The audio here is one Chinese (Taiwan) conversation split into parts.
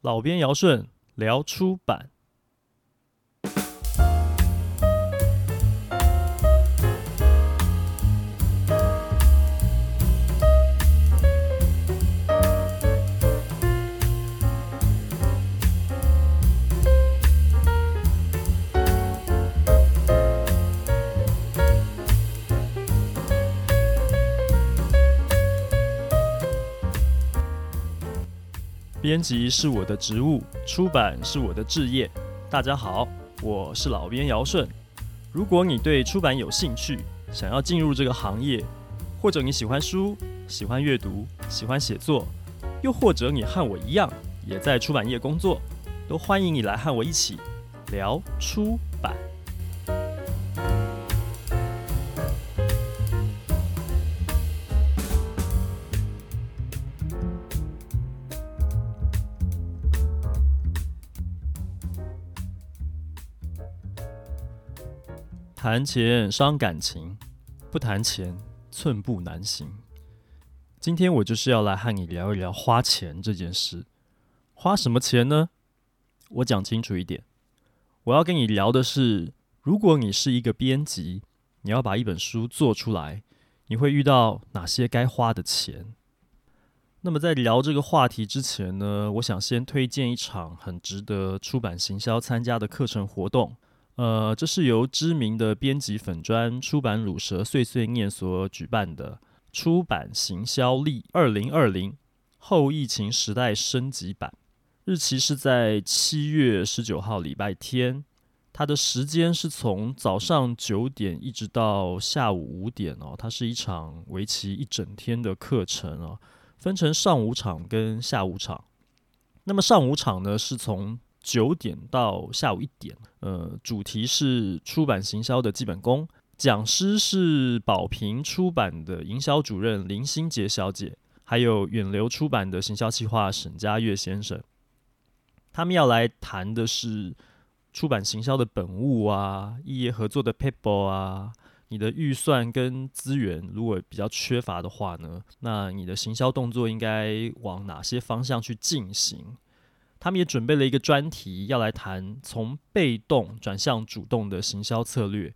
老編姚順聊出版。編輯是我的職務，出版是我的職業。大家好，我是老編姚順。如果你對出版有興趣，想要進入這個行業，或者你喜歡書、喜歡閱讀、喜歡寫作，又或者你和我一樣也在出版業工作，都歡迎你來和我一起聊出。談錢傷感情，不談錢寸步難行。今天我就是要來和你聊一聊花錢這件事。花什麼錢呢？我講清楚一點，我要跟你聊的是，如果你是一個編輯，你要把一本書做出來，你會遇到哪些該花的錢？那麼在聊這個話題之前呢，我想先推薦一場很值得出版行銷參加的課程活動。呃，這是由知名的編輯粉專出版《魯蛇碎碎念》所舉辦的出版行銷力2020後疫情時代升級版，日期是在七月十九號禮拜天，它的時間是從早上九點一直到下午五點哦，它是一場為期一整天的課程哦，分成上午場跟下午場，那麼上午場呢是從。九點到下午一點，呃，主題是出版行銷的基本功。講師是寶瓶出版的營銷主任林心杰小姐，還有遠流出版的行銷企劃沈家月先生。他們要來談的是出版行銷的本物啊，異業合作的撇步啊，你的預算跟資源如果比較缺乏的話呢，那你的行銷動作應該往哪些方向去進行？他們也準備了一個專題要來談從被動轉向主動的行銷策略。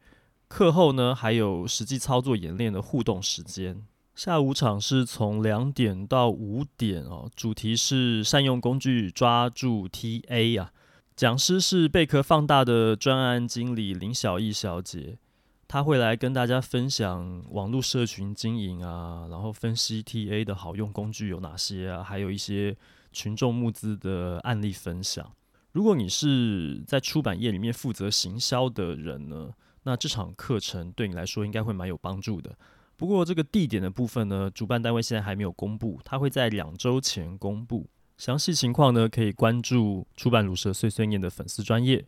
課後呢，還有實際操作演練的互動時間。下午場是從兩點到五點哦，主題是善用工具抓住 TA 啊。講師是貝殼放大的專案經理林小藝小姐，她會來跟大家分享網絡社群經營啊，然後分析 TA 的好用工具有哪些啊，還有一些。群眾募資的案例分享。如果你是在出版業裡面負責行銷的人呢，那這場課程對你來說應該會蠻有幫助的。不過這個地點的部分呢，主辦單位現在還沒有公布，他會在兩周前公布。詳細情況呢，可以關注“出版魯蛇碎碎念”的粉絲專頁。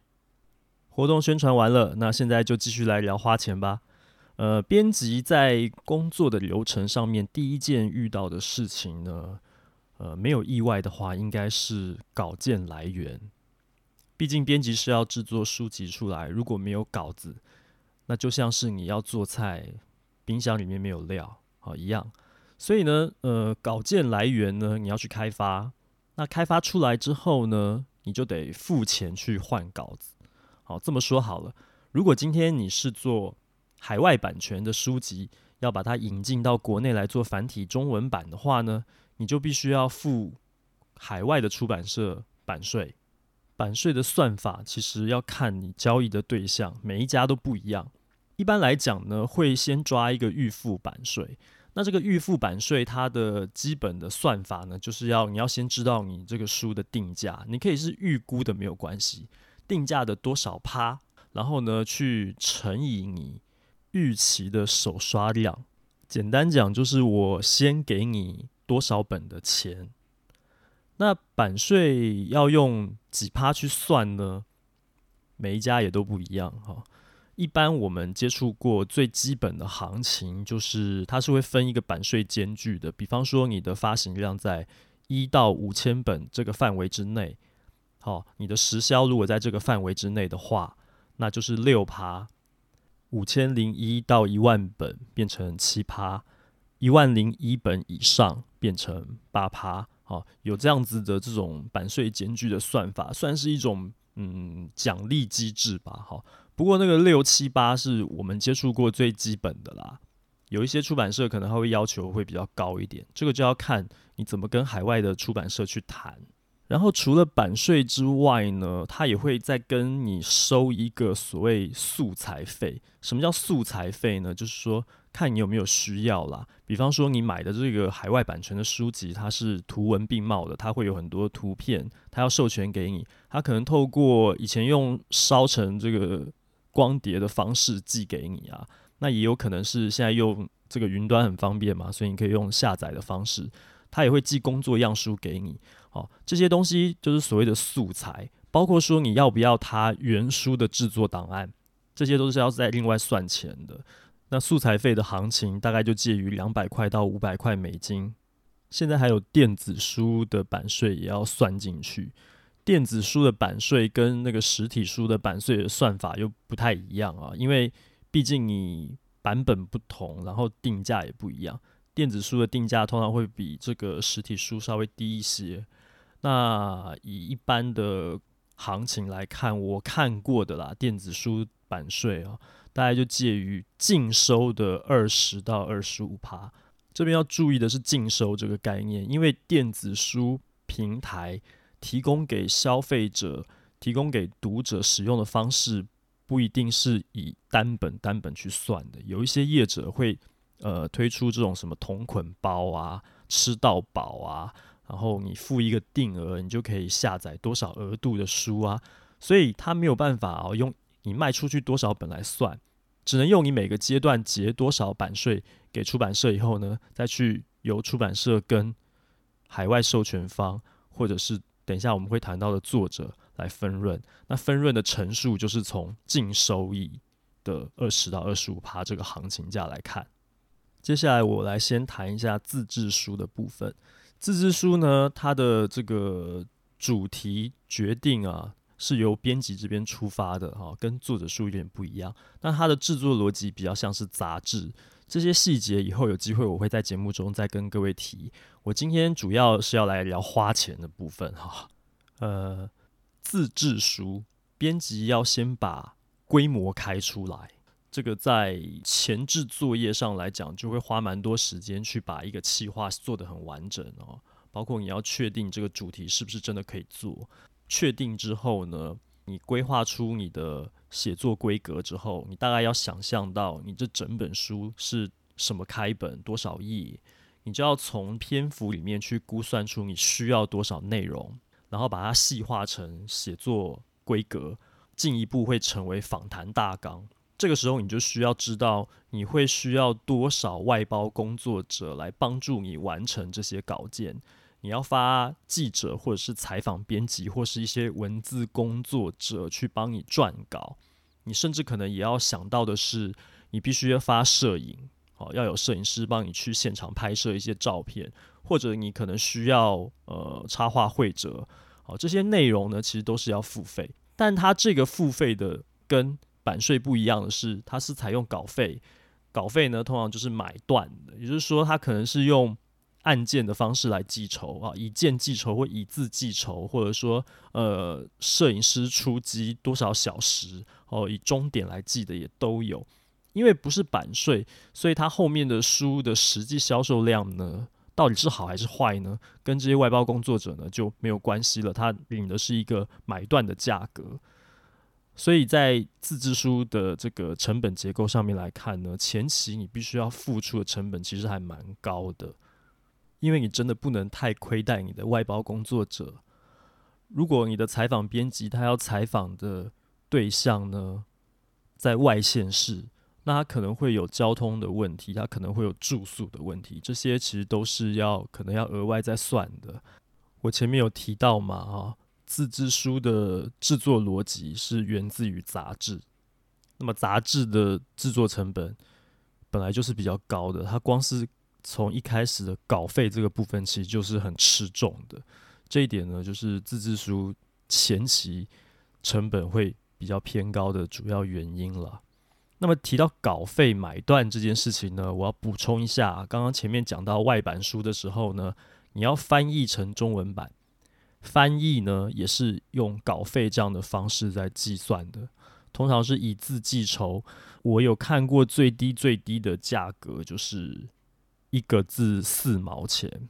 活動宣傳完了，那現在就繼續來聊花錢吧。呃，編輯在工作的流程上面，第一件遇到的事情呢？呃，沒有意外的話，應該是稿件來源。畢竟編輯是要製作書籍出來，如果沒有稿子，那就像是你要做菜，冰箱裡面沒有料好一樣。所以呢，呃，稿件來源呢，你要去開發。那開發出來之後呢，你就得付錢去換稿子。好，這麼說好了。如果今天你是做海外版權的書籍，要把它引進到國內來做繁體中文版的話呢，你就必須要付海外的出版社版稅，版稅的算法其實要看你交易的對象，每一家都不一樣。一般來講呢，會先抓一個預付版稅。那這個預付版稅它的基本的算法呢，就是要你要先知道你這個書的定價，你可以是預估的沒有關係，定價的多少趴，然後呢去乘以你預期的首刷量。簡單講就是我先給你。多少本的錢？那版稅要用幾趴去算呢？每一家也都不一樣哈、哦。一般我們接觸過最基本的行情，就是它是會分一個版稅間距的。比方說，你的發行量在一到五千本這個範圍之內，好、哦，你的實銷如果在這個範圍之內的話，那就是六趴；五千零一到一萬本變成七趴；一萬零一本以上。變成八趴，好、哦、有這樣子的這種版稅級距的算法，算是一種嗯獎勵機制吧，好。不過那個六七八是我們接觸過最基本的啦，有一些出版社可能他會要求會比較高一點，這個就要看你怎麼跟海外的出版社去談。然後除了版稅之外呢，他也會再跟你收一個所謂素材費。什麼叫素材費呢？就是說。看你有沒有需要啦，比方說你買的這個海外版權的書籍，它是圖文並茂的，它會有很多圖片，它要授權給你，它可能透過以前用燒成這個光碟的方式寄給你啊，那也有可能是現在用這個雲端很方便嘛，所以你可以用下載的方式，它也會寄工作樣書給你，好，哦，這些東西就是所謂的素材，包括說你要不要它原書的制作檔案，這些都是要再另外算錢的。那素材費的行情大概就介於兩百塊到五百塊美金，現在還有電子書的版稅也要算進去。電子書的版稅跟那個實體書的版稅的算法又不太一樣啊，因為畢竟你版本不同，然後定價也不一樣。電子書的定價通常會比這個實體書稍微低一些。那以一般的行情來看，我看過的啦，電子書版稅啊。大概就介於淨收的二十到二十五趴，這邊要注意的是淨收這個概念，因為電子書平台提供給消費者、提供給讀者使用的方式，不一定是以單本單本去算的。有一些業者會呃推出這種什麼同捆包啊、吃到飽啊，然後你付一個定額，你就可以下載多少額度的書啊，所以他沒有辦法啊、哦、用。你賣出去多少本來算，只能用你每個階段結多少版稅給出版社以後呢，再去由出版社跟海外授權方，或者是等一下我們會談到的作者來分潤。那分潤的成數就是從淨收益的二十到二十五趴這個行情價來看。接下來我來先談一下自製書的部分。自製書呢，它的這個主題決定啊。是由編輯這邊出發的哈，跟作者書有點不一樣。但它的制作邏輯比較像是雜誌，這些細節以後有機會我會在節目中再跟各位提。我今天主要是要來聊花錢的部分哈。呃，自制書編輯要先把規模開出來，這個在前置作業上來講就會花蠻多時間去把一個企劃做得很完整哦，包括你要確定這個主題是不是真的可以做。確定之後呢，你規劃出你的寫作規格之後，你大概要想象到你這整本書是什麼開本、多少頁，你就要從篇幅裡面去估算出你需要多少內容，然後把它細化成寫作規格，進一步會成為訪談大綱。這個時候你就需要知道你會需要多少外包工作者來幫助你完成這些稿件。你要發記者，或者是採訪編輯，或者是一些文字工作者去幫你撰稿。你甚至可能也要想到的是，你必須要發攝影，好，要有攝影師幫你去現場拍攝一些照片，或者你可能需要呃插畫繪者，好，這些內容呢其實都是要付費。但它這個付費的跟版稅不一樣的是，它是採用稿費，稿費呢通常就是買斷的，也就是說它可能是用。按件的方式來計酬啊，以件計酬或以字計酬，或者說呃，攝影師出機多少小時哦，以鐘點來計的也都有。因為不是版稅，所以他後面的書的實際銷售量呢，到底是好還是壞呢？跟這些外包工作者呢就沒有關係了，他領的是一個買斷的價格。所以在自制書的這個成本結構上面來看呢，前期你必須要付出的成本其實還蠻高的。因為你真的不能太虧待你的外包工作者。如果你的採訪編輯他要採訪的對象呢，在外縣市，那他可能會有交通的問題，他可能會有住宿的問題，這些其實都是要可能要額外再算的。我前面有提到嘛，哈，自制書的制作邏輯是源自於雜誌，那麼雜誌的制作成本本，本來就是比較高的，它光是。從一開始的稿費這個部分，其實就是很吃重的。這一點呢，就是自製書前期成本會比較偏高的主要原因了。那麼提到稿費買斷這件事情呢，我要補充一下啊，剛剛前面講到外版書的時候呢，你要翻譯成中文版，翻譯呢也是用稿費這樣的方式在計算的，通常是以字計酬。我有看過最低最低的價格就是。一個字四毛錢，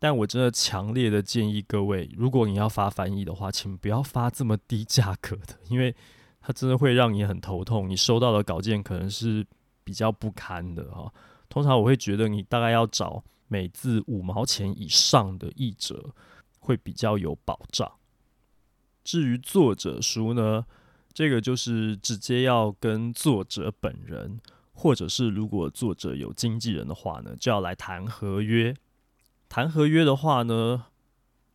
但我真的強烈的建議各位，如果你要發翻譯的話，請不要發這麼低價格的，因為它真的會讓你很頭痛。你收到的稿件可能是比較不堪的哈、哦。通常我會覺得你大概要找每字五毛錢以上的譯者會比較有保障。至於作者書呢，這個就是直接要跟作者本人，或者是如果作者有經紀人的話呢，就要來談合約。談合約的話呢，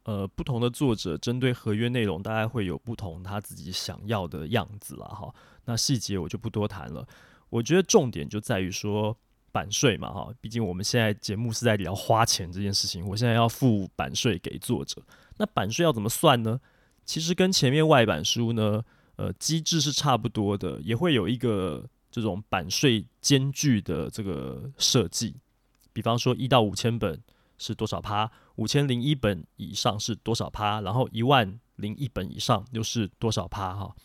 呃，不同的作者針對合約內容，大概會有不同他自己想要的樣子啦哈。那細節我就不多談了。我覺得重點就在於說版稅嘛哈，畢竟我們現在節目是在聊花錢這件事情，我現在要付版稅給作者。那版稅要怎麼算呢？其實跟前面外版書呢，呃，機制是差不多的，也會有一個。這種版稅級距的這個設計，比方說一到五千本是多少趴，五千零一本以上是多少趴，然後一萬零一本以上又是多少趴哈、哦。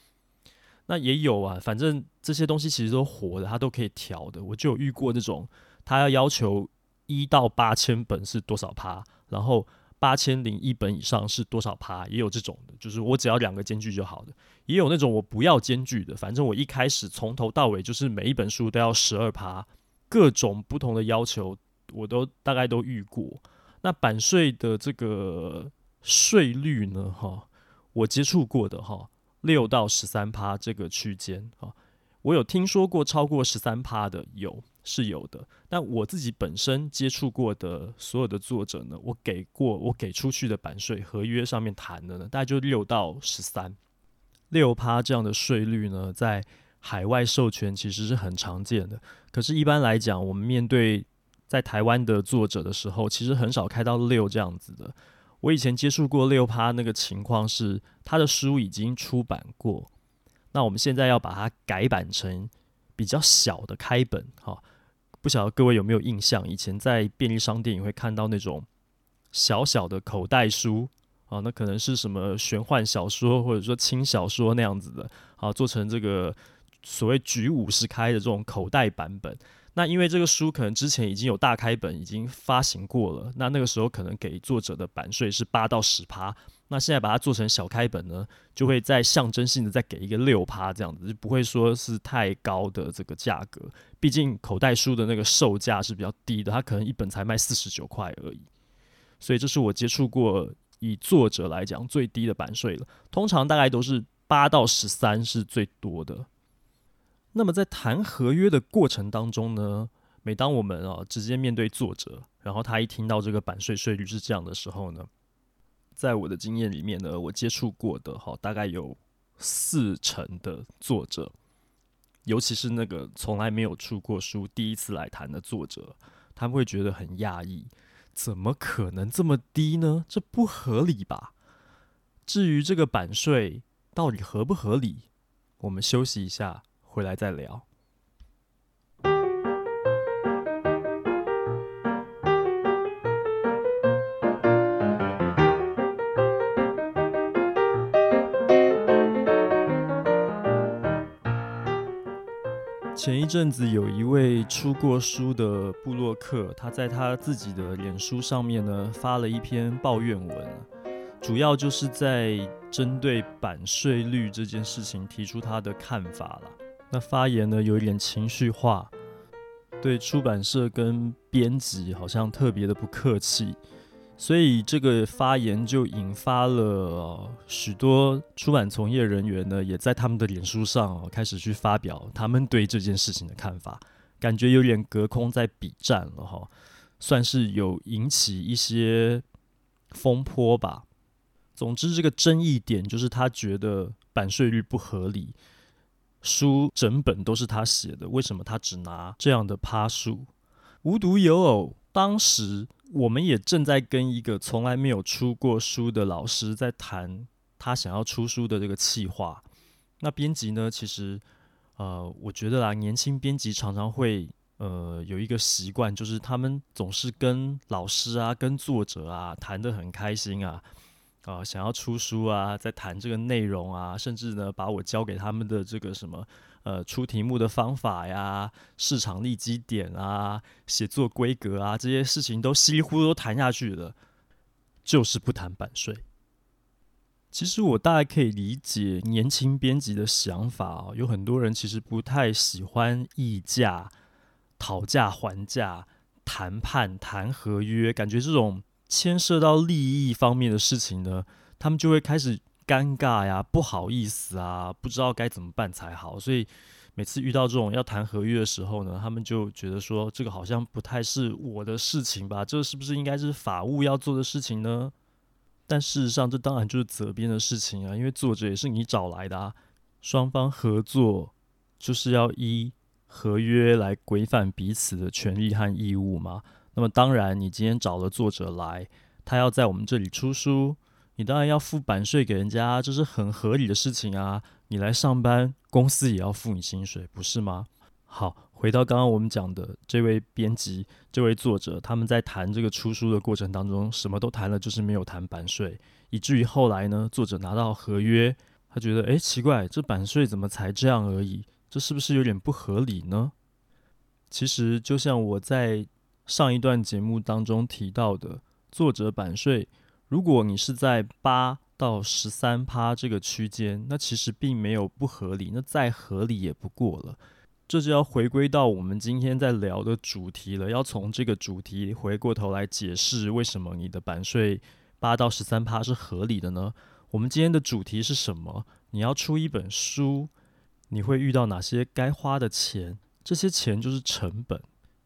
那也有啊，反正這些東西其實都活的，它都可以調的。我就有遇過這種，他要要求一到八千本是多少趴，然後。八千零一本以上是多少趴？也有這種的，就是我只要兩個級距就好了。也有那種我不要級距的，反正我一開始從頭到尾就是每一本書都要十二趴。各種不同的要求，我都大概都遇過。那版稅的這個稅率呢？哈、哦，我接觸過的哈，六、哦、到十三趴這個區間啊，我有聽說過超過十三趴的有。是有的，但我自己本身接觸過的所有的作者呢，我給過我給出去的版稅合約上面談的呢，大概就六到十三六趴。這樣的稅率呢，在海外授權其實是很常見的。可是，一般來講，我們面對在台灣的作者的時候，其實很少開到六這樣子的。我以前接觸過六趴那個情況是，他的書已經出版過，那我們現在要把它改版成比較小的開本，哈。不曉得各位有沒有印象，以前在便利商店也會看到那種小小的口袋書啊，那可能是什麼玄幻小說或者說輕小說那樣子的啊，做成這個所謂菊五十開的這種口袋版本。那因為這個書可能之前已經有大開本已經發行過了，那那個時候可能給作者的版稅是八到十趴。那現在把它做成小開本呢，就會在象徵性的再給一個六趴這樣子，就不會說是太高的這個價格。畢竟口袋書的那個售價是比較低的，它可能一本才賣四十九塊而已。所以這是我接觸過以作者來講最低的版稅了。通常大概都是八到十三是最多的。那麼在談合約的過程當中呢，每當我們啊直接面對作者，然後他一聽到這個版稅稅率是這樣的時候呢，在我的經驗裡面呢，我接觸過的，哈，大概有四成的作者，尤其是那個從來沒有出過書、第一次來談的作者，他們會覺得很訝異，怎麼可能這麼低呢？這不合理吧？至於這個版稅到底合不合理，我們休息一下，回來再聊。前一陣子，有一位出過書的部落客，他在他自己的臉書上面呢，發了一篇抱怨文，主要就是在針對版稅率這件事情提出他的看法了。那發言呢有一點情緒化，對出版社跟編輯好像特別的不客氣。所以這個發言就引發了、哦、許多出版從業人員呢，也在他們的臉書上、哦、開始去發表他們對這件事情的看法，感覺有點隔空在筆戰了哈、哦，算是有引起一些風波吧。總之，這個爭議點就是他覺得版稅率不合理，書整本都是他寫的，為什麼他只拿這樣的趴數？無獨有偶，當時。我們也正在跟一個從來沒有出過書的老師在談他想要出書的這個計劃。那編輯呢？其實，呃，我覺得啊，年輕編輯常常會呃有一個習慣，就是他們總是跟老師啊、跟作者啊談得很開心啊，啊、呃，想要出書啊，在談這個內容啊，甚至呢，把我教給他們的這個什麼。呃，出題目的方法呀，市場利基點啊，寫作規格啊，這些事情都稀里糊塗都談下去了，就是不談版稅。其實我大概可以理解年輕編輯的想法哦，有很多人其實不太喜歡議價、討價還價、談判、談合約，感覺這種牽涉到利益方面的事情呢，他們就會開始。尷尬呀，不好意思啊，不知道該怎麼辦才好。所以每次遇到這種要談合約的時候呢，他們就覺得說，這個好像不太是我的事情吧？這是不是應該是法務要做的事情呢？但事實上，這當然就是責編的事情啊，因為作者也是你找來的啊。雙方合作就是要依合約來規範彼此的權利和義務嘛。那麼當然，你今天找了作者來，他要在我們這裡出書。你當然要付版稅給人家，這是很合理的事情啊。你來上班，公司也要付你薪水，不是嗎？好，回到剛剛我們講的這位編輯、這位作者，他們在談這個出書的過程當中，什麼都談了，就是沒有談版稅，以至於後來呢，作者拿到合約，他覺得，哎，奇怪，這版稅怎麼才這樣而已？這是不是有點不合理呢？其實，就像我在上一段節目當中提到的，作者版稅。如果你是在八到十三趴這個區間，那其實並沒有不合理，那再合理也不過了。這就要回歸到我們今天在聊的主題了，要從這個主題回過頭來解釋為什麼你的版稅八到十三趴是合理的呢？我們今天的主題是什麼？你要出一本書，你會遇到哪些該花的錢？這些錢就是成本。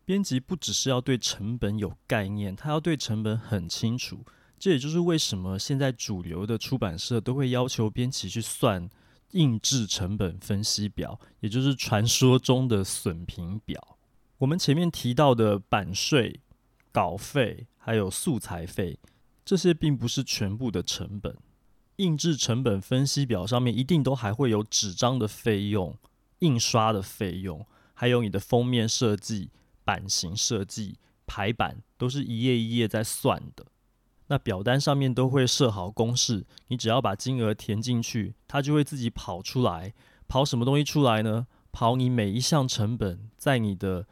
編輯不只是要對成本有概念，他要對成本很清楚。這也就是為什麼現在主流的出版社都會要求編輯去算印制成本分析表，也就是傳說中的損平表。我們前面提到的版稅、稿費還有素材費，這些並不是全部的成本。印制成本分析表上面一定都還會有紙張的費用、印刷的費用，還有你的封面設計、版型設計、排版，都是一頁一頁在算的。那表單上面都會設好公式，你只要把金額填進去，它就會自己跑出來。跑什麼東西出來呢？跑你每一項成本在你的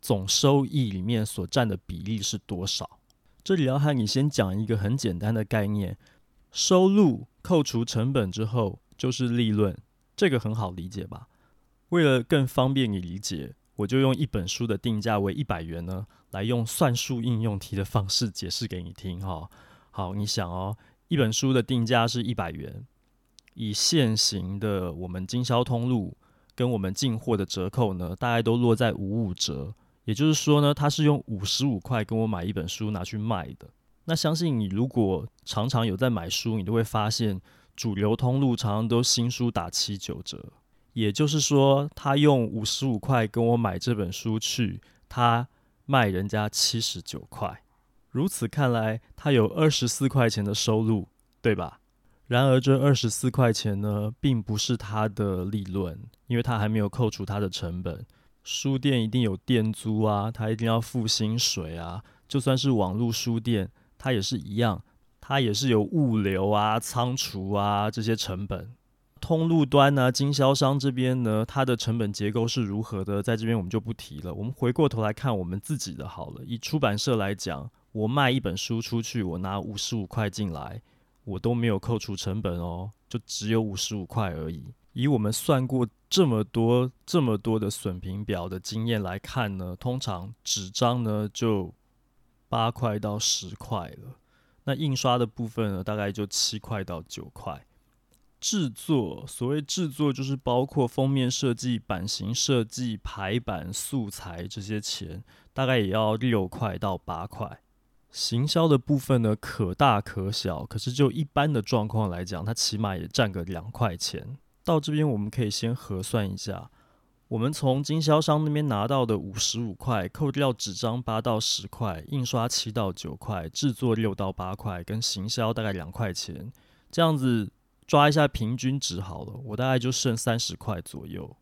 總收益裡面所占的比例是多少。這裡要和你先講一個很簡單的概念：收入扣除成本之後就是利潤，這個很好理解吧？為了更方便你理解。我就用一本書的定價為一百元呢，來用算術應用題的方式解釋給你聽哈、哦。好，你想哦，一本書的定價是一百元，以現行的我們經銷通路跟我們進貨的折扣呢，大概都落在五五折，也就是說呢，它是用五十五塊跟我買一本書拿去賣的。那相信你如果常常有在買書，你都會發現主流通路常常都新書打七九折。也就是說，他用五十五塊跟我買這本書去，他賣人家七十九塊。如此看來，他有二十四塊錢的收入，對吧？然而，這二十四塊錢呢，並不是他的利潤，因為他還沒有扣除他的成本。書店一定有店租啊，他一定要付薪水啊。就算是網絡書店，他也是一樣，他也是有物流啊、倉儲啊這些成本。通路端呢、啊，經銷商這邊呢，它的成本結構是如何的？在這邊我們就不提了。我們回過頭來看我們自己的好了。以出版社來講，我賣一本書出去，我拿五十五塊進來，我都沒有扣除成本哦，就只有五十五塊而已。以我們算過這麼多這麼多的損平表的經驗來看呢，通常紙張呢就八塊到十塊了，那印刷的部分呢大概就七塊到九塊。製作，所謂製作就是包括封面設計、版型設計、排版、素材這些錢，大概也要六塊到八塊。行銷的部分呢，可大可小，可是就一般的狀況來講，它起碼也佔個兩塊錢。到這邊我們可以先核算一下，我們從經銷商那邊拿到的五十五塊，扣掉紙張八到十塊，印刷七到九塊，製作六到八塊，跟行銷大概兩塊錢，這樣子。抓一下平均值好了，我大概就剩三十塊左右。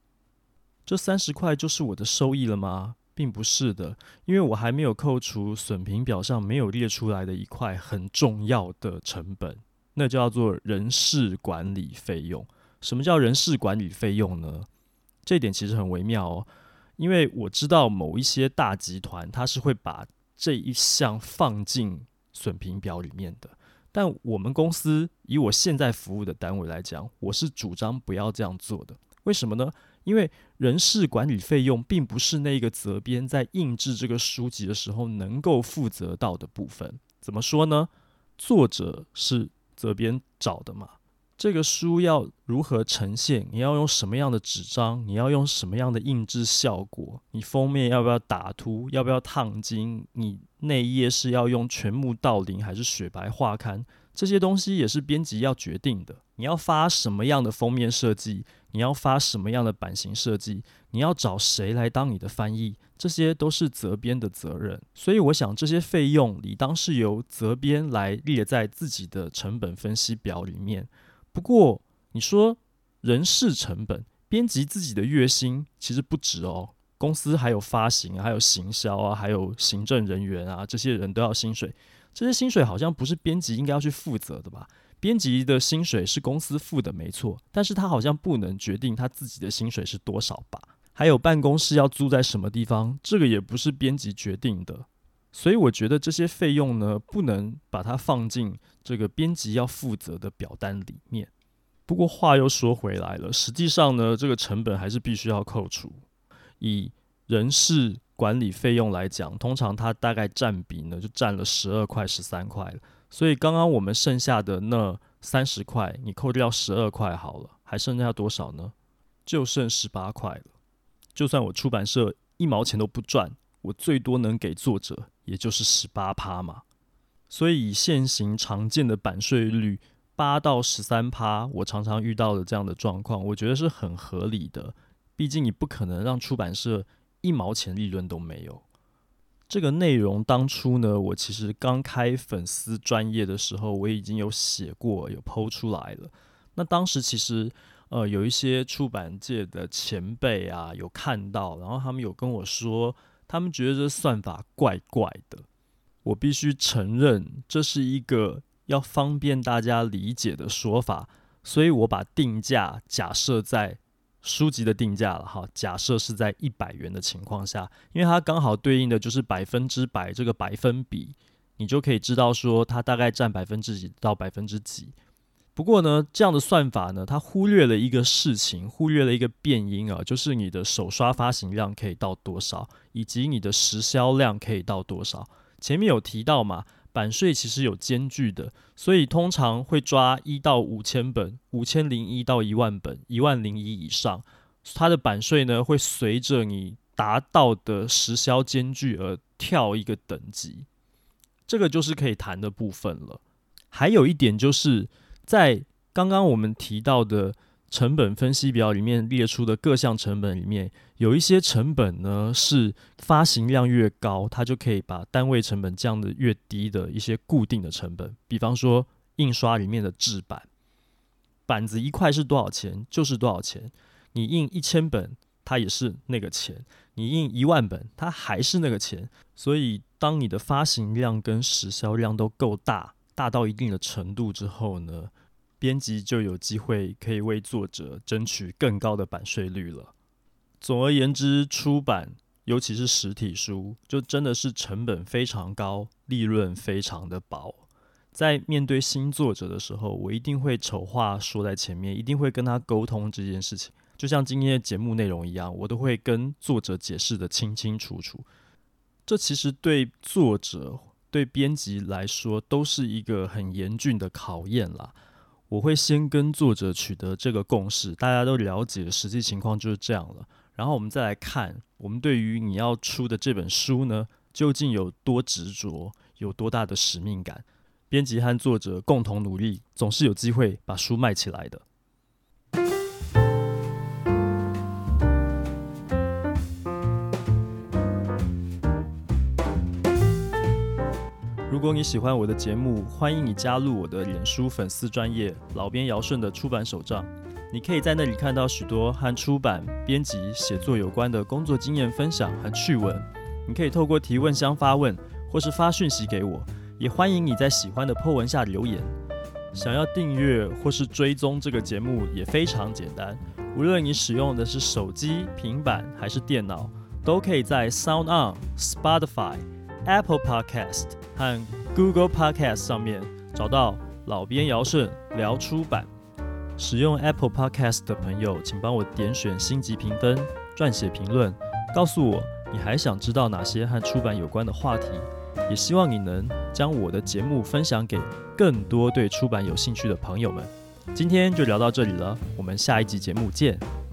這三十塊就是我的收益了嗎？並不是的，因為我還沒有扣除損平表上沒有列出來的一塊很重要的成本，那就叫做人事管理費用。什麼叫人事管理費用呢？這點其實很微妙哦，因為我知道某一些大集團，它是會把這一項放進損平表裡面的。但我們公司以我現在服務的單位來講，我是主張不要這樣做的。為什麼呢？因為人事管理費用並不是那個責編在印制這個書籍的時候能夠負責到的部分。怎麼說呢？作者是責編找的嘛。這個書要如何呈現？你要用什麼樣的紙張？你要用什麼樣的印制效果？你封面要不要打凸？要不要燙金？你內頁是要用全木道林還是雪白畫刊？這些東西也是編輯要決定的。你要發什麼樣的封面設計？你要發什麼樣的版型設計？你要找誰來當你的翻譯？這些都是責編的責任。所以我想，這些費用理當是由責編來列在自己的成本分析表裡面。不過，你說人事成本、編輯自己的月薪其實不值哦。公司還有發行、啊、還有行銷啊，還有行政人員啊，這些人都要薪水。這些薪水好像不是編輯應該要去負責的吧？編輯的薪水是公司付的沒錯，但是他好像不能決定他自己的薪水是多少吧？還有辦公室要租在什麼地方，這個也不是編輯決定的。所以我覺得這些費用呢，不能把它放進這個編輯要負責的表單裡面。不過話又說回來了，實際上呢，這個成本還是必須要扣除。以人事管理費用來講，通常它大概占比呢，就占了十二塊、十三塊了。所以剛剛我們剩下的那三十塊，你扣掉十二塊好了，還剩下多少呢？就剩十八塊了。就算我出版社一毛錢都不賺，我最多能給作者，也就是十八趴嘛，所以以現行常見的版稅率八到十三趴，我常常遇到的這樣的狀況，我覺得是很合理的。畢竟你不可能讓出版社一毛錢利潤都沒有。這個內容當初呢，我其實剛開粉絲專頁的時候，我已經有寫過，有 PO 出來了。那當時其實呃，有一些出版界的前輩啊，有看到，然後他們有跟我說。他們覺得這算法怪怪的，我必須承認，這是一個要方便大家理解的說法，所以我把定價假設在書籍的定價了哈，假設是在一百元的情況下，因為它剛好對應的就是百分之百這個百分比，你就可以知道說它大概占百分之幾到百分之幾。不過呢，這樣的算法呢，它忽略了一個事情，忽略了一個變因啊，就是你的首刷發行量可以到多少，以及你的實銷量可以到多少。前面有提到嘛，版稅其實有間距的，所以通常會抓一到五千本，五千零一到一萬本，一萬零一以上，它的版稅呢會隨着你達到的實銷間距而跳一個等級。這個就是可以談的部分了。還有一點就是。在剛剛我們提到的成本分析表裡面列出的各項成本裡面，有一些成本呢是發行量越高，它就可以把單位成本降得越低的一些固定的成本，比方說印刷裡面的製版，板子一塊是多少錢就是多少錢，你印一千本它也是那個錢，你印一萬本它還是那個錢，所以當你的發行量跟實銷量都夠大，大到一定的程度之後呢，編輯就有機會可以為作者爭取更高的版稅率了。總而言之，出版尤其是實體書，就真的是成本非常高，利潤非常的薄。在面對新作者的時候，我一定會醜話說在前面，一定會跟他溝通這件事情。就像今天的節目內容一樣，我都會跟作者解釋得清清楚楚。這其實對作者。對編輯來說都是一個很嚴峻的考驗啦。我會先跟作者取得這個共識，大家都了解實際情況就是這樣了。然後我們再來看，我們對於你要出的這本書呢，究竟有多執着，有多大的使命感？編輯和作者共同努力，總是有機會把書賣起來的。如果你喜歡我的節目，歡迎你加入我的臉書粉絲專頁老編姚順的出版手帳。你可以在那裡看到許多和出版、編輯、寫作有關的工作經驗分享和趣聞。你可以透過提問箱發問，或是發訊息給我。也歡迎你在喜歡的 po 文下留言。想要訂閱或是追蹤這個節目也非常簡單。無論你使用的是手機、平板還是電腦，都可以在 Sound On、Spotify。Apple Podcast 和 Google Podcast 上面找到“老編姚順聊出版”。使用 Apple Podcast 的朋友，請幫我點選星級評分、撰寫評論，告訴我你還想知道哪些和出版有關的話題。也希望你能將我的節目分享給更多對出版有興趣的朋友們。今天就聊到這裡了，我們下一集節目見。